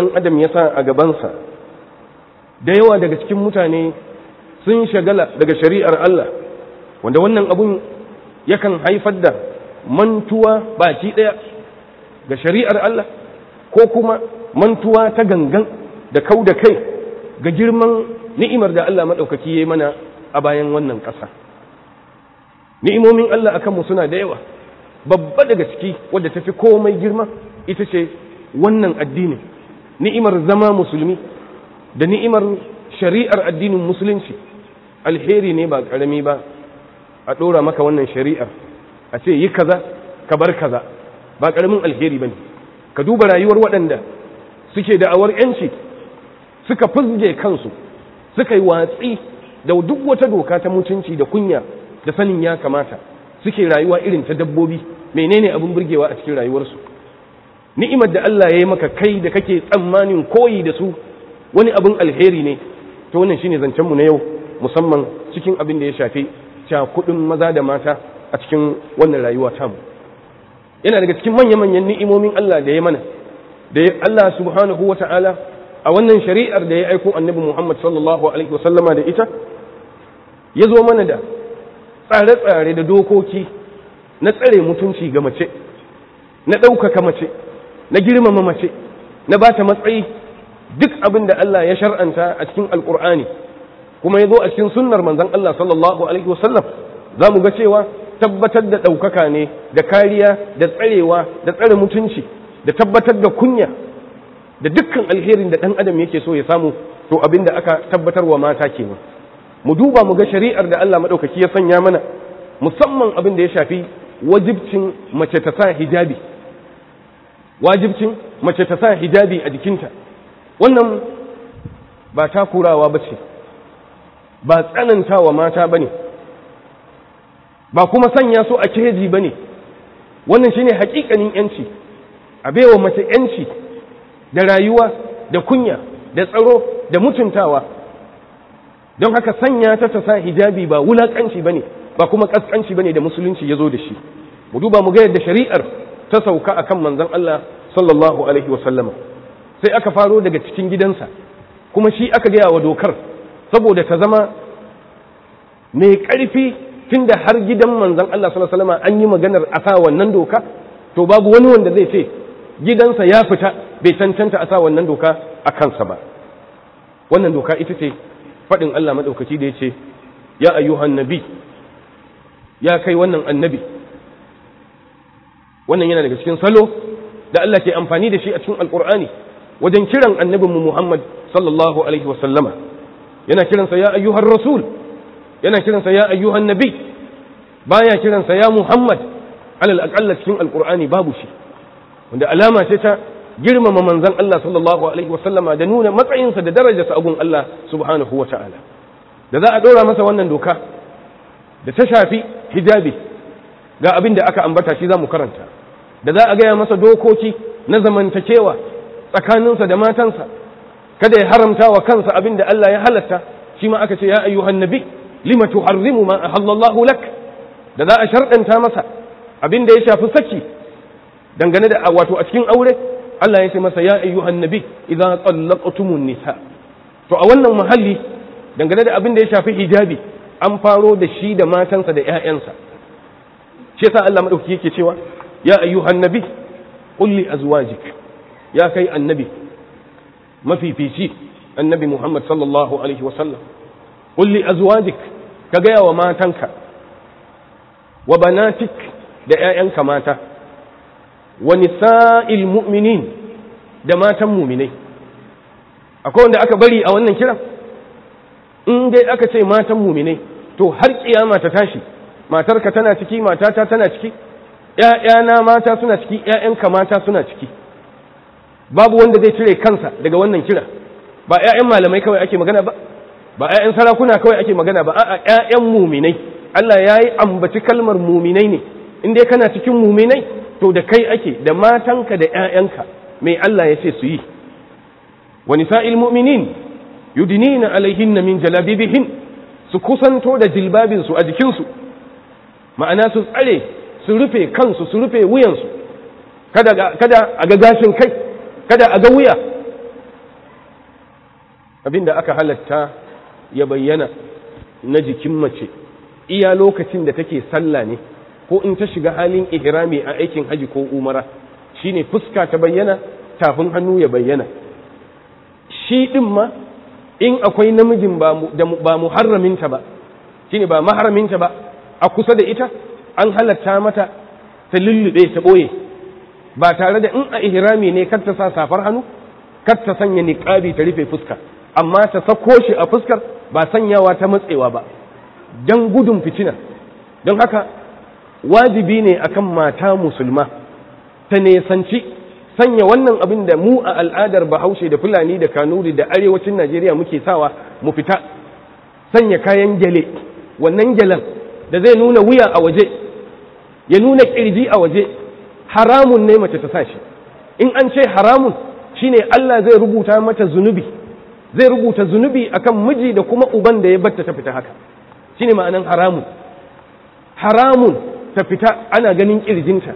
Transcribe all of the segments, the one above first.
ɗan adam ya sa a gabansa da yawa daga cikin mutane sun shagala daga shari'ar Allah wanda wannan abun yakan haifar da mantuwa baki ɗaya ga shari'ar Allah ko kuma mantuwa ta gangan da kau da kai ga girman ni'imar da Allah maɗaukaki ya yi mana a bayan wannan ƙasa ni'imomin Allah a kanmu suna da yawa babba daga ciki wadda ta fi komai girma ita ce wannan addinin ni'imar zama musulmi da ni'imar shari'ar addinin musulunci alheri ne ba ƙarami ba a ɗora maka wannan shari'ar a ce yi kaza ka bar kaza ba ƙaramin alheri ba ne ka duba rayuwar waɗanda suke da awar yanci suka fizge kansu suka yi watsi da duk wata doka ta mutunci da kunya da sanin ya kamata suke rayuwa irin ta dabbobi menene abin burgewa a cikin rayuwarsu ni'imar da Allah ya yi maka kai da kake tsammanin koyi da su wani abin alheri ne ta wannan shi ne zancenmu na yau musamman cikin abin da ya shafi cakudin maza da mata a cikin wannan rayuwa tamu yana daga cikin manya-manyan ni'imomin Allah da ya mana da ya Allah subhanahu wa ta'ala a wannan shari'ar da ya aiko annabi Muhammad sallallahu alaihi wasallama da ita ya zo mana da tsare-tsare da dokoki na tsare mutunci ga mace na ɗaukaka mace na girmama mace na ba ta matsayi duk abin da Allah ya shar'anta a cikin alkur'ani kuma ya zo a cikin sunnar manzan Allah sallallahu alaihi wasallam za mu ga cewa tabbatar da ɗaukaka ne da kariya da tsarewa da tsare mutunci da tabbatar da kunya da dukkan alherin da ɗan adam yake so ya samu to abin da aka tabbatar wa mata kenan mu duba mu ga shari'ar da Allah maɗaukaki ya sanya mana musamman abin da ya shafi wajibcin mace ta sa hijabi wajibcin mace ta sa hijabi a jikinta wannan ba kurawa ba ce ba tsananta wa mata ba ne ba kuma sanya su a keji ba ne wannan shine hakikanin yanci a baiwa mace yanci da rayuwa da kunya da tsaro da mutuntawa don haka sanya ta ta sa hijabi ba wulaƙanci ba ne ba kuma ƙasƙanci ba ne da musulunci ya zo da shi mu duba mu ga da shari'ar ta sauka akan manzon Allah sallallahu alaihi wasallama sai aka faro daga cikin gidansa kuma shi aka gaya wa dokar saboda ta zama mai ƙarfi tunda har gidan manzon Allah sallallahu alaihi wasallama an yi maganar a sa wannan doka to babu wani wanda zai ce gidansa ya fita bai cancanta a sa wannan doka a kansa ba wannan doka ita ce faɗin Allah maɗaukaki da ya ce ya ayyuhan nabi ya kai wannan annabi wannan yana daga cikin salo da Allah ke amfani da shi a cikin alkur'ani wajen kiran annabinmu Muhammad sallallahu alaihi wa sallama yana kiransa ya ayyuhar rasul yana kiransa ya ayyuhar nabi baya kiransa ya Muhammad alal aqalla cikin alkur'ani babu shi wanda alama ce ta girmama manzon Allah sallallahu alaihi wa sallama da nuna matsayinsa da darajarsa a gun Allah subhanahu wa ta'ala da za a dora masa wannan doka da ta shafi hijabi ga abin da aka ambata shi za mu karanta da za a gaya masa dokoki na zamantakewa tsakaninsa da matansa kada ya haramta wa kansa abin da Allah ya halatta shi ma aka ce ya ayyuhan nabi lima tuharrimu ma ahallallahu lak da za a sharɗanta masa abin da ya shafi saki dangane da wato a cikin aure Allah ya ce masa ya ayyuhan nabi idza tallaqtumun nisa to a wannan muhalli dangane da abin da ya shafi hijabi an faro da shi da matansa da 'ya'yansa shi yasa Allah madauki yake cewa يا أيها النبي قل لأزواجك يا كي النبي ما في في شيء النبي محمد صلى الله عليه وسلم قل لأزواجك كجيا وما تنك وبناتك دعائنك ماتا ونساء المؤمنين دماتا مؤمنين akwai wanda aka bari a wannan kiran in dai aka ce matan muminai to har kiyama ta tashi matarka tana ciki matata tana ciki ‘ya'yana mata suna ciki ‘ya'yanka mata suna ciki babu wanda zai cire kansa daga wannan kira ba ‘ya'yan malamai kawai ake magana ba ba ‘ya'yan sarakuna kawai ake magana ba a'a ‘ya'yan muminai Allah ya yi ambaci kalmar muminai ne in dai kana cikin muminai to da kai ake da matanka da ‘ya'yanka mai Allah ya ce su yi wa nisa'il mu'minin yudinina alaihinna min jalabibihin su kusanto da jilbabinsu a jikinsu ma'ana su tsare su rufe kansu su rufe wuyansu kada a ga gashin kai kada a ga wuya abinda aka halatta ya bayyana na jikin mace iya lokacin da take sallah ne ko in ta shiga halin ihrami a aikin haji ko umara shine fuska ta bayyana tafin hannu ya bayyana shi din ma in akwai namijin ba muharraminta ba shine ba maharaminta ba a kusa da ita an halatta mata ta lullube ta boye ba tare da in a ihrami ne kar ta sa safar hannu kar ta sanya niqabi ta rufe fuska amma ta sako shi a fuskar ba sanyawa ta matsewa ba dan gudun fitina don haka wajibi ne akan mata musulma ta nesanci sanya wannan abin da mu a al'adar bahaushe da fulani da kanuri da arewacin najeriya muke sawa mu fita sanya kayan gyale wannan gyalen da zai nuna wuya a waje ya nuna kirji a waje haramun ne mace ta sa shi in an ce haramun shine Allah zai rubuta mata zunubi zai rubuta zunubi akan miji da kuma uban da ya batta ta fita haka shine ma'anan haramun haramun ta fita ana ganin kirjinta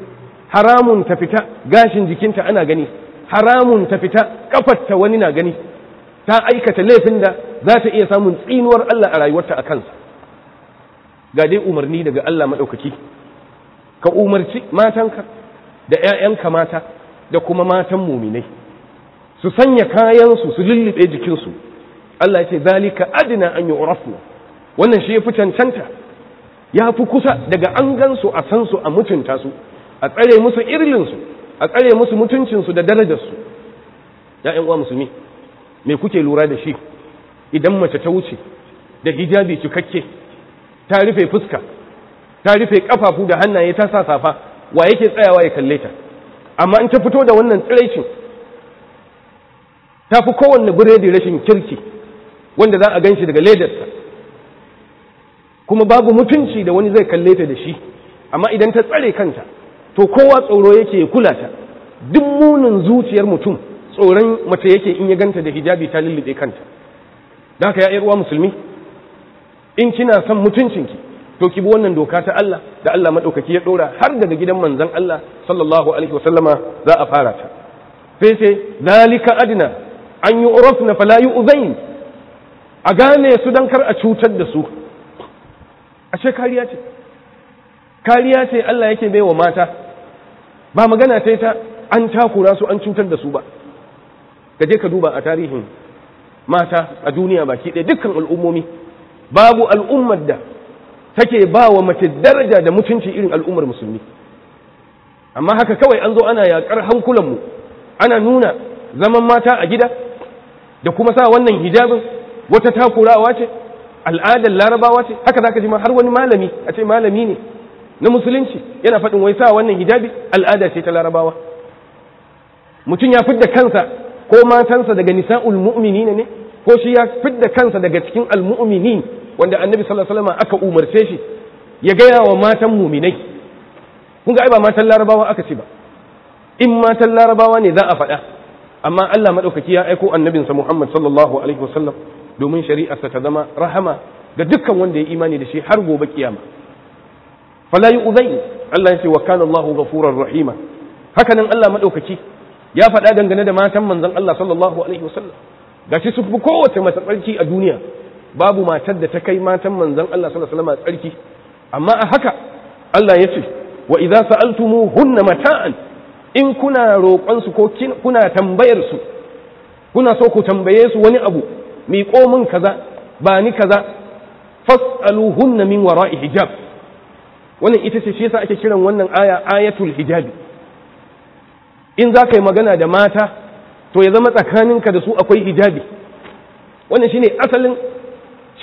haramun ta fita gashin jikinta ana gani haramun ta fita kafarta wani na gani ta aikata laifin da za ta iya samun tsinuwar Allah a rayuwarta a kansa ga dai umarni daga Allah maɗaukaki ka umarci matanka da 'ya'yanka mata da kuma matan muminai su sanya kayansu su lullube jikinsu Allah ya ce zalika adina an yi urafu. wannan shi ya fi cancanta ya fi kusa daga an gansu a sansu a mutunta su a tsare musu irlinsu a tsare musu mutuncinsu da darajarsu ya'yan uwa musulmi me kuke lura da shi idan mace ta wuce da hijabi cikakke ta rufe fuska ta rufe kafafu da hannaye ta sa safa wa yake tsayawa ya kalle ta amma in ta fito da wannan tsiraicin ta fi kowanne biredi rashin kirki wanda za a gan shi daga ledarsa kuma babu mutunci da wani zai kalle ta da shi amma idan ta tsare kanta to kowa tsoro yake kula ta duk munin zuciyar mutum tsoron mace yake in ya ganta da hijabi ta lullube kanta da haka ya uwa musulmi in kina son mutuncinki to ki bi wannan doka ta Allah da Allah madaukaki ya dora har daga gidan manzon Allah sallallahu alaihi wasallama za a fara ta sai sai zalika adna an yu'rafna fala yu'zain a gane su dan kar a cutar da su ashe kariya ce kariya ce Allah yake baiwa mata ba magana sai ta an takura su an cutar da su ba ka je ka duba a tarihin mata a duniya baki ɗaya dukkan al'ummomi babu al'ummar da take ba wa mace daraja da mutunci irin al'ummar musulmi amma haka kawai an zo ana yaƙar hankulanmu ana nuna zaman mata a gida da kuma sa wannan hijabin wata takurawa ce al'adar larabawa ce haka za ka ji ma har wani malami a ce malami ne na musulunci yana faɗin wai sa wannan hijabi al'ada ce ta larabawa mutum ya fidda kansa ko matansa daga nisa'ul mu'minina ne ko shi ya fidda kansa daga cikin al wanda annabi sallallahu alaihi wasallam aka umarce shi ya gaya wa matan muminai kun ga ai ba matan larabawa aka ce ba in matan larabawa ne za a faɗa amma Allah maɗaukaki ya aiko annabinsa Muhammad sallallahu alaihi wasallam domin shari'arsa ta zama rahama ga dukkan wanda ya imani da shi har gobe kiyama fala yu'zai Allah ya ce wa kana Allahu ghafurur rahima hakanan Allah maɗaukaki ya faɗa dangane da matan manzon Allah sallallahu alaihi wasallam gashi su fi kowace matsarki a duniya babu matar da ta kai matan manzon Allah sallallahu alaihi wasallam tsarki amma a haka Allah ya ce wa idza hunna mata'an in kuna roƙon su ko kuna tambayar su kuna so ku tambaye su wani abu mi min kaza ba ni kaza hunna min wara'i hijab wannan ita ce shi yasa ake kiran wannan aya ayatul hijabi in za ka yi magana da mata to ya zama tsakaninka da su akwai hijabi wannan shine asalin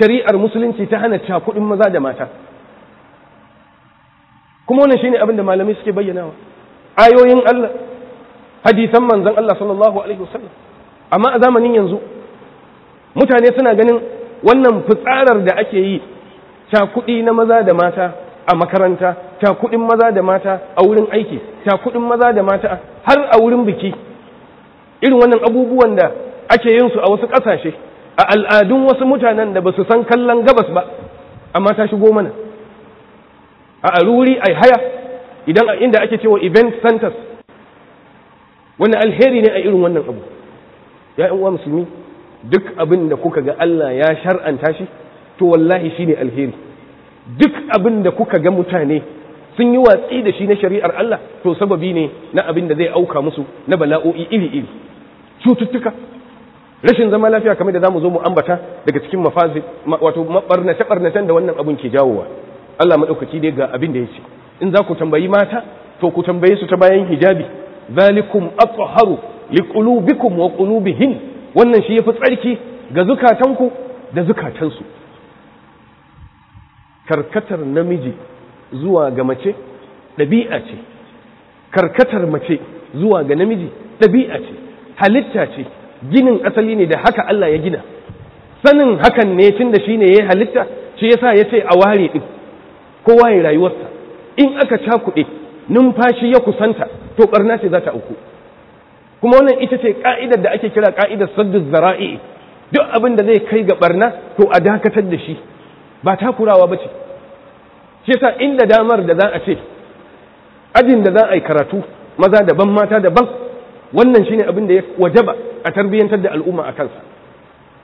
shari'ar musulunci ta hana cakudin maza da mata kuma wannan shine abin da malamai suke bayyanawa ayoyin Allah hadisan manzon Allah sallallahu alaihi wasallam amma a zamanin yanzu mutane suna ganin wannan fitsarar da ake yi cakudi na maza da mata a makaranta cakudin maza da mata a wurin aiki cakudin maza da mata har a wurin biki irin wannan abubuwan da ake yin su a wasu ƙasashe a al'adun wasu mutanen da ba su san kallon gabas ba amma ta shigo mana a aruri a haya idan inda ake cewa event centers Wani alheri ne a irin wannan abu ya uwa musulmi duk abin da kuka ga Allah ya shar'anta shi to wallahi shi ne alheri duk abin da kuka ga mutane sun yi watsi da shi na shari'ar Allah to sababi ne na abin da zai auka musu na bala'o'i iri-iri cututtuka rashin zama lafiya kamar da zamu zo mu ambata daga cikin mafazi wato barnace barnacen da wannan abun ke jawowa Allah madaukaki dai ga abin da yake in za ku tambayi mata to ku tambaye su ta bayan hijabi zalikum aqharu liqulubikum wa qulubihin wannan shi yafi tsarki ga zukatanku da zukatansu karkatar namiji zuwa ga mace dabi'a ce karkatar mace zuwa ga namiji ɗabi'a ce halitta ce ginin asali ne da haka Allah ya gina sanin hakan ne tun da shi ne ya halitta shi yasa ya ce a ware ɗin kowa ya rayuwarsa in aka cakuɗe numfashi ya kusanta to ɓarna ce za ta auku kuma wannan ita ce ƙa'idar da ake kira ƙa'idar saddus zara'i duk abin da zai kai ga ɓarna to a dakatar da shi ba takurawa ba ce shi yasa inda damar da za a ce ajin da za a yi karatu maza daban mata daban wannan shine abin da ya wajaba a tarbiyyantar da al'umma a kansa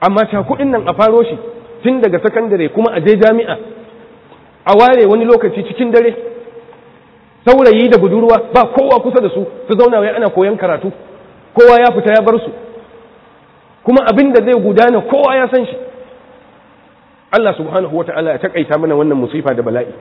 amma cakudin nan a faro shi tun daga sakandare kuma a je jami'a a ware wani lokaci cikin dare saurayi da budurwa ba kowa kusa da su su zauna wai ana koyan karatu kowa ya fita ya bar su kuma abin da zai gudana kowa ya san shi Allah subhanahu Ta'ala ya takaita mana wannan musifa da bala'i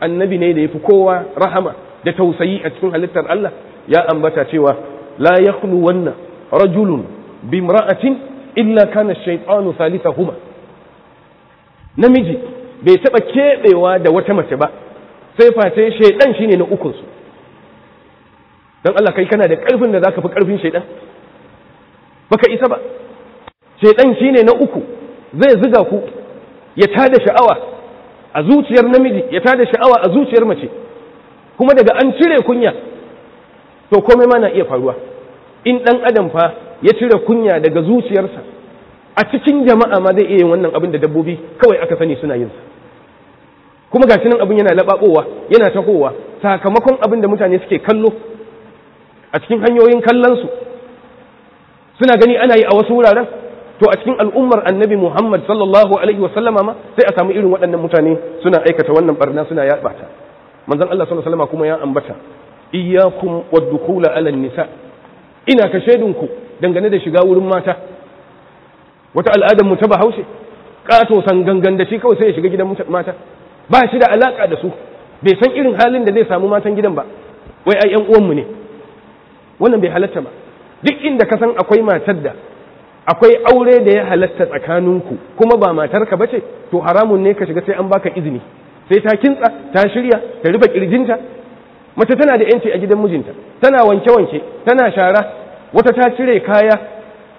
annabi ne da ya fi kowa rahama da tausayi a cikin halittar Allah ya ambata cewa la yakhlu wanna rajulun bimra'atin illa kana shaiɗanu Salisa huma. namiji bai taɓa keɓewa da wata mace ba sai face shaydan shine na ukun su dan Allah ka kana da karfin da zaka fi karfin shaydan baka isa ba shaydan shine na uku zai ziga ku ya tada sha'awa a zuciyar namiji ya tada sha'awa a zuciyar mace kuma daga an cire kunya to komai ma na iya faruwa in ɗan adam fa ya cire kunya daga zuciyarsa a cikin jama'a ma zai iya yin wannan abin da dabbobi kawai aka sani suna yin sa kuma ga nan abin yana labakowa yana tahowa sakamakon abin da mutane suke kallo a cikin hanyoyin kallonsu, suna gani ana yi a wasu wuraren to a cikin al'ummar annabi Muhammad sallallahu alaihi wa sallama ma sai a samu irin waɗannan mutane suna aikata wannan barna suna yaɓata? manzon Allah sallallahu alaihi kuma ya ambata iyyakum wadkhula ala nisa ina ka shaidunku dangane da shiga wurin mata wata al'adar mu ta bahaushe kato san gangan da shi kawai sai ya shiga gidan mata ba shi da alaka da su bai san irin halin da zai samu matan gidan ba wai ai yan uwanmu ne wannan bai halatta ba duk inda ka san akwai matar da akwai aure da ya halatta tsakaninku kuma ba matar matarka bace to haramun ne ka shiga sai an baka izini sai ta kintsa ta shirya ta rufe kirjinta mace tana da yanci a gidan mijinta tana wanke-wanke tana shara wata ta cire kaya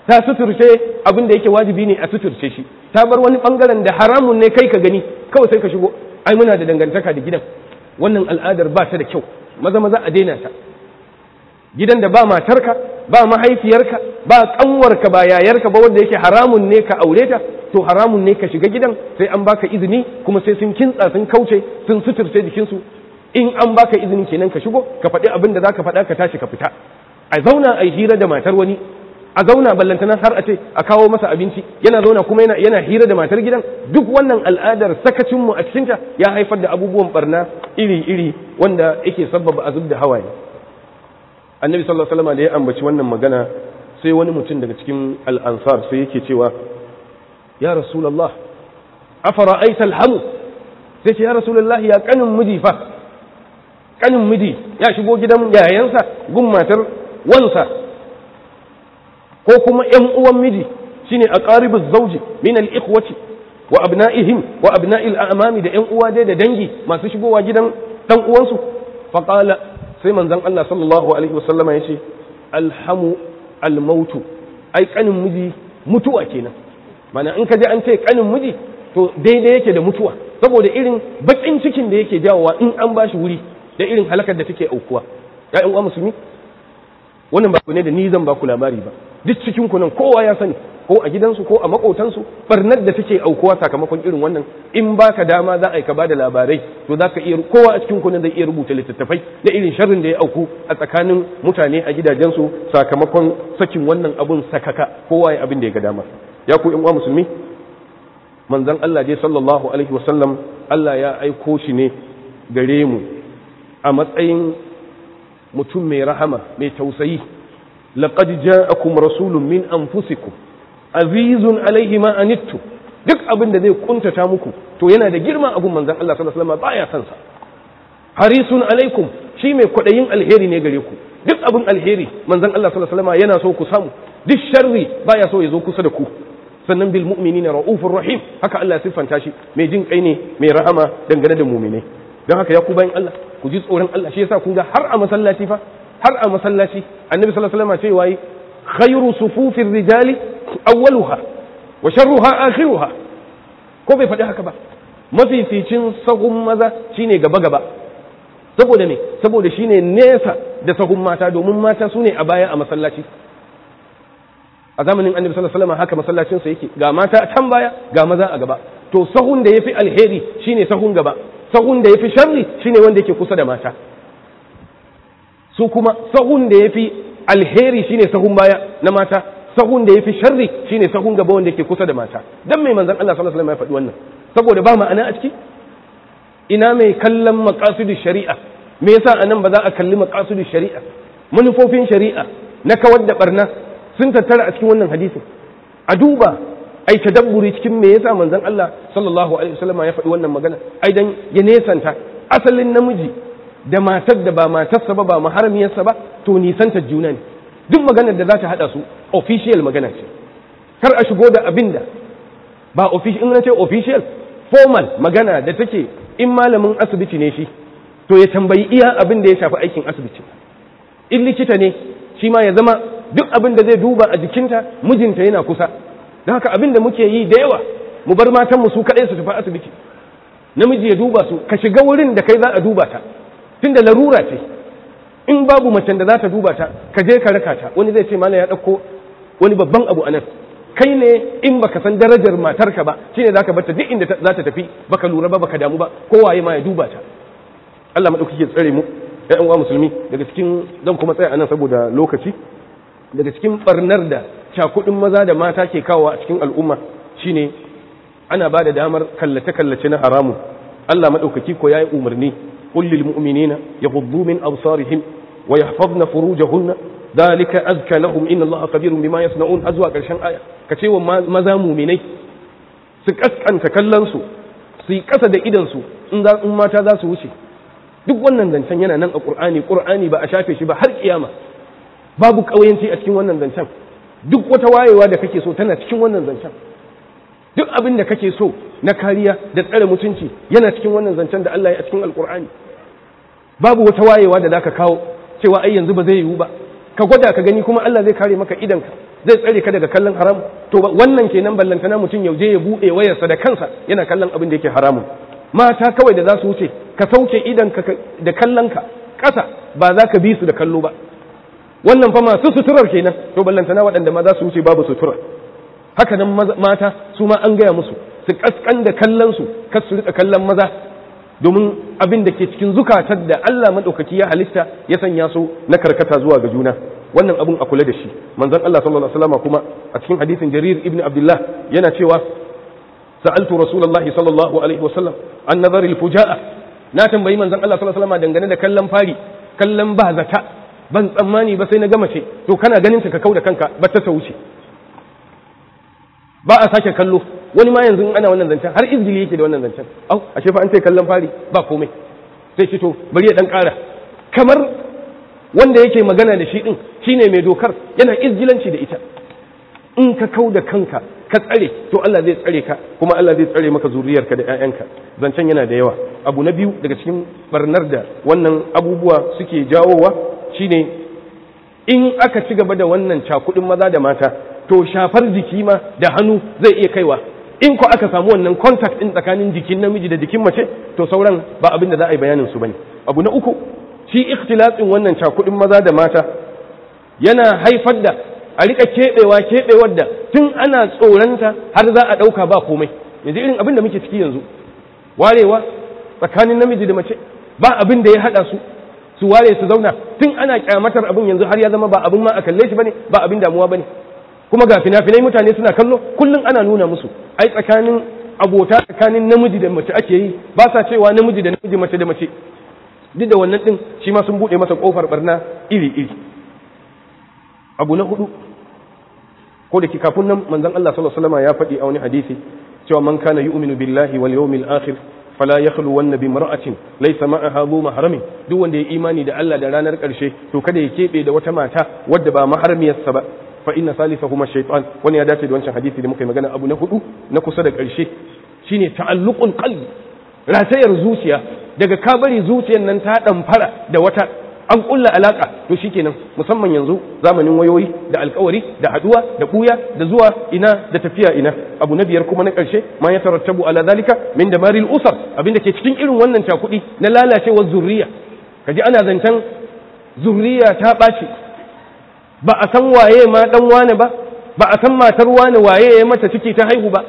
ta suturce abin da yake wajibi ne a suturce shi ta bar wani bangaren da haramun ne kai ka gani kawai sai ka shigo ai muna da dangantaka da gidan wannan al'adar ba ta da kyau maza maza a daina ta gidan da ba matarka ba mahaifiyarka ba kanwarka ba yayarka ba wanda yake haramun ne ka aure ta to haramun ne ka shiga gidan sai an baka izini kuma sai sun kintsa sun kauce sun suturce jikinsu in an baka izini kenan ka shigo ka faɗi abin da za ka faɗa ka tashi ka fita a zauna a hira da matar wani a zauna ballantana har a ce a kawo masa abinci yana zauna kuma yana yana hira da matar gidan duk wannan al'adar sakacin mu a cikin ta ya haifar da abubuwan barna iri iri wanda yake sabbaba azub da hawaye annabi sallallahu alaihi wasallam da ya ambaci wannan magana sai wani mutum daga cikin al'ansar sai yake cewa ya rasulullah afara alhamu sai ya rasulullah ya kanin miji fa kanin miji ya shigo gidan yayansa gun matar wansa ko kuma ‘yan uwan miji shine a ƙaribin zauji min al'ikwaci wa abna'ihim wa abna'il amami da ‘yan uwa dai da dangi masu shigowa gidan ɗan uwansu faƙala sai manzan Allah sallallahu alaihi wasallama yace, Alhamu Al-mautu ai kanin miji mutuwa kenan mana in ka ji an ce kanin miji to daidai yake da mutuwa saboda irin baƙin cikin da yake jawowa in an bashi wuri da irin halakar da take aukuwa ya'yan uwa musulmi wannan ba ne da ni zan ba ku labari ba duk cikin ku nan kowa ya sani ko a gidansu ko a makotansu barnar da take aukuwa sakamakon irin wannan in baka dama za a yi ka ba da labarai to za ka iya kowa a cikin nan zai iya rubuta littattafai da irin sharrin da ya auku a tsakanin mutane a gidajensu sakamakon sakin wannan abun sakaka kowa ya abin da ya ga dama ya ku in uwa musulmi manzon Allah dai sallallahu alaihi wasallam Allah ya aiko shi ne gare mu a matsayin mutum mai rahama mai tausayi laqad ja'akum rasulun min anfusikum azizun alaihi ma anittu duk abin da zai kuntata muku to yana da girma abun zan Allah sallallahu alaihi wasallam baya sa harisun alaikum shi mai kwadayin alheri ne gare ku duk abin alheri manzon Allah sallallahu alaihi wasallam yana so ku samu duk sharri baya so ya zo kusa da ku sannan bil mu'minina raufur rahim haka Allah siffanta shi mai jin kai ne mai rahama dangane da mu'minai don haka ya ku bayan Allah ku ji tsoron Allah shi yasa kun ga har a masallaci fa har a masallaci annabi sallallahu alaihi wasallam cewa yi khayru sufufir rijali awwaluha wa sharruha akhiruha ko bai faɗi haka ba mafificin sahun maza shine gaba gaba saboda me saboda shine nesa da sahun mata domin mata sune a baya a masallaci a zamanin annabi sallallahu alaihi wasallam haka masallacin sa yake ga mata a can baya ga maza a gaba to sahun da yafi alheri shine sahun gaba sahun da ya fi sharri shine wanda yake kusa da mata su kuma sahun da ya fi alheri shine sahun baya na mata sahun da ya fi sharri shine sahun gaba wanda yake kusa da mata Don mai manzan Allah sallallahu alaihi wasallam ya faɗi wannan saboda ba ma'ana a ciki ina mai kallon makasudin shari'a me yasa nan ba za a kalli makasudin shari'a manufofin shari'a na kawar da barna sun tattara a cikin wannan hadisin a duba ai tadabburi cikin me yasa manzon Allah sallallahu alaihi wasallam ya faɗi wannan magana ai dan ya nesanta asalin namiji da matar da ba matarsa ba ba sa ba to nisanta juna ne duk maganar da za ta haɗa su official magana ce kar a shigo da abinda ba official in na ce official formal magana da take in malamin asibiti ne shi to ya tambayi iya abin da ya shafi aikin asibiti in likita ne shi ma ya zama duk abin da zai duba a jikinta mijinta yana kusa don haka abin da muke yi da yawa mu bar matan mu su kaɗai su tafi asibiti namiji ya duba su ka shiga wurin da kai za a duba ta da larura ce in babu macen da za ta duba ta ka je ka raka ta wani zai ce mana ya ɗauko wani babban abu a nan kai ne in baka san darajar matarka ba shine zaka bar ta duk inda za ta tafi baka lura ba baka damu ba kowaye ma ya duba ta Allah madaukaki ya tsare mu ƴan uwa musulmi daga cikin zan kuma tsaya anan saboda lokaci daga cikin barnar da cakudin maza da mata ke kawo a cikin al'umma shine ana ba da damar kallace-kallace na haramu Allah maɗaukaki ko ya yi umarni kullil mu'minina ya hudu min absarihim wa ya fadna furujahunna dalika azka lahum inna Allah kabirun bima yasna'un har zuwa ƙarshen aya ka ce wa maza muminai su kaskanta kallonsu su yi ƙasa da su in mata za su wuce duk wannan zancen yana nan a Kur'ani. Kur'ani ba a shafe shi ba har ƙiyama babu ƙauyanci a cikin wannan zancen duk wata wayewa da kake so tana cikin wannan zancen duk abin da kake so na kariya da tsare mutunci yana cikin wannan zancen da Allah ya cikin alkur'ani babu wata wayewa da zaka kawo cewa ai yanzu ba zai yiwu ba ka gwada ka gani kuma Allah zai kare maka idanka zai tsare ka daga kallon haram to wannan kenan ballantana mutum yauje ya buɗe wayarsa da kansa yana kallon abin da yake haramun mata kawai da za su wuce ka sauke idanka da ka kasa ba za ka bi su da kallo ba wannan fa masu suturar kenan to ballantana waɗanda ma za su wuce babu sutura. haka nan mata su ma an gaya musu su kaskan da kallon su kar su rika kallon maza domin abin da ke cikin zukatar da Allah madaukaki ya halitta ya sanya su na karkata zuwa ga juna wannan abin a kula da shi manzon Allah sallallahu alaihi wasallam kuma a cikin hadisin Jarir ibn Abdullah yana cewa sa'altu rasulullahi sallallahu alaihi wasallam an nazari al-fuja'a na tambayi manzon Allah sallallahu alaihi wasallam dangane da kallon fari kallon ba zata ban tsammani ba sai na gama ce to kana ganin ta ka kauda kanka ba ta wuce ba a sake kallo wani ma yanzu ana wannan zancen har izgili yake da wannan zancen au A shefa an ce kallon fari ba komai sai ce to bari ya dan kara kamar wanda yake magana da shi din shine mai dokar yana izgilanci da ita in ka kau da kanka ka tsare to Allah zai tsare ka kuma Allah zai tsare maka zuriyarka da ƴaƴanka zancen yana da yawa abu na biyu daga cikin barnar da wannan abubuwa suke jawowa shine in aka ci gaba da wannan cakudin maza da mata to shafar jiki ma da hannu zai iya kaiwa in ko aka samu wannan contact din tsakanin jikin namiji da jikin mace to sauran ba abin da za a yi bayanin su bane abu na uku shi ikhtilatin wannan cakudin maza da mata yana haifar da a rika keɓewa keɓewar da tun ana tsoranta har za a ɗauka ba komai yanzu irin abin da muke ciki yanzu warewa tsakanin namiji da mace ba abin da ya haɗa su su ware su zauna tun ana kyamatar abin yanzu har ya zama ba abin ma a kalle shi ne ba abin damuwa ne kuma ga fina-finai mutane suna kallo kullum ana nuna musu ai tsakanin abota tsakanin namiji da mace ake yi ba sa cewa namiji da namiji mace da mace duk da wannan din shi ma sun buɗe masa kofar barna iri iri abu na hudu ko da kafin nan manzon Allah sallallahu ya faɗi a wani hadisi cewa man kana uminu billahi wal yawmil akhir fala yakhlu wanna bi mar'atin laysa ma'aha bu mahramin duk wanda ya imani da Allah da ranar karshe to kada ya kebe da wata mata wadda ba mahramiyarsa ba fa inna Huma shaytan wani ya dace da wancan hadisi da muka yi magana abu na hudu na kusa da karshe shine ta'alluqul qalbi ratayar zuciya daga kabari zuciyar nan ta damfara da wata an kulla alaka to shikenan musamman yanzu zamanin wayoyi da alkawari da haduwa da buya da zuwa ina da tafiya ina abu na biyar kuma na karshe ma ya tarattabu ala zalika min da maril usar abinda ke cikin irin wannan cakudi na lalacewar zurriya kaji ana zancen zurriya ta ɓaci ba a san waye ma dan wane ba ba a san matar wane waye ya mata ciki ta haihu ba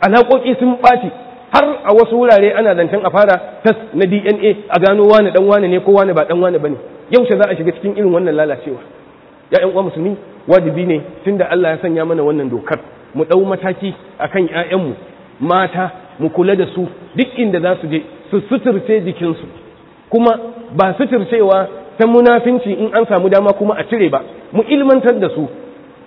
alaƙoƙi sun ɓaci har a wasu wurare ana zancen a fara tas na dna a gano wani dan wani ne ko wani ba dan wani bane yaushe za a shiga cikin irin wannan lalacewa ya uwa musulmi wajibi ne tunda Allah ya sanya mana wannan dokar mu ɗau mataki a akan ƴaƴanmu mata mu kula da su duk inda za su je su suturce jikinsu kuma ba suturcewa ta munafinci in an samu dama kuma a cire ba mu ilmantar da su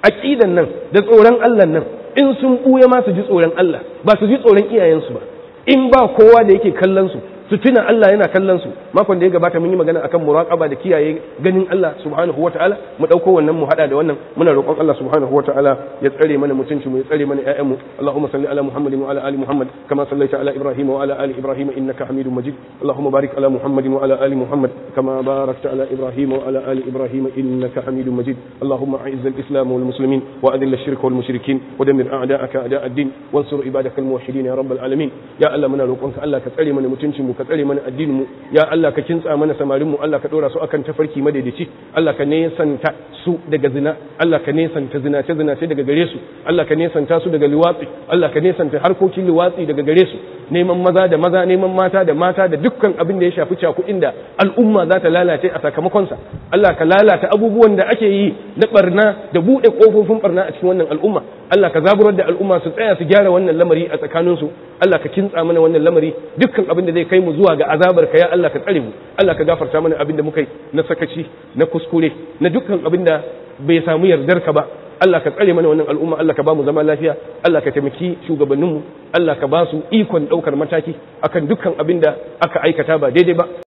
aqidan nan da tsoron Allah nan in sun buya ma su ji tsoron Allah ba su ji tsoron iyayensu ba in ba kowa da yake kallon su tutunan Allah yana kallon su makon da ya gabata mun yi magana akan muraqaba da kiyaye ganin Allah subhanahu wataala mu dauko wannan mu hada da wannan muna roƙon Allah subhanahu wataala ya tsare mana mutunci mu ya tsare mana ƴaƴan mu Allahumma salli ala Muhammad wa ala ali Muhammad kama sallaita ala Ibrahim wa ala ali Ibrahim innaka Hamidum Majid Allahumma barik ala Muhammad wa ala ali Muhammad kama barakta ala Ibrahim wa ala ali Ibrahim innaka Hamidum Majid Allahumma a'izz al-islam wal muslimin wa adhill ash-shirk wal mushrikin wa dammir a'da'aka a'da' ad-din wansur ibadaka al muwahhidin ya rabbal alamin ya Allah muna roƙonka Allah ka tsare mana mutuncin mu ka tsare mana addinin mu ya Allah ka kintsa mana samarin mu Allah ka dora su akan tafarki madaidaici Allah ka nesanta su daga zina Allah ka nesanta zinace zinace daga gare su Allah ka nesanta su daga liwatsi Allah ka nesanta harkokin liwatsi daga gare su neman maza da maza neman mata da mata da dukkan abin da ya shafi cakuɗin da al'umma za ta lalace a sakamakonsa Allah ka lalata abubuwan da ake yi na barna da buɗe ƙofofin barna a cikin wannan al'umma Allah ka zaburar da al'umma su tsaya su gyara wannan lamari a tsakaninsu Allah ka kintsa mana wannan lamari dukkan abin da zai kai mu zuwa ga azabar ka ya Allah ka tsare mu Allah ka gafarta mana abin da muka yi na sakaci na kuskure na dukkan abin da bai samu yardar ka ba Allah ka tsare mana wannan al'umma Allah ka ba mu zama lafiya Allah ka taimaki shugabanninmu Allah ka ba su ikon ɗaukar mataki akan dukkan abin da aka aikata ba daidai ba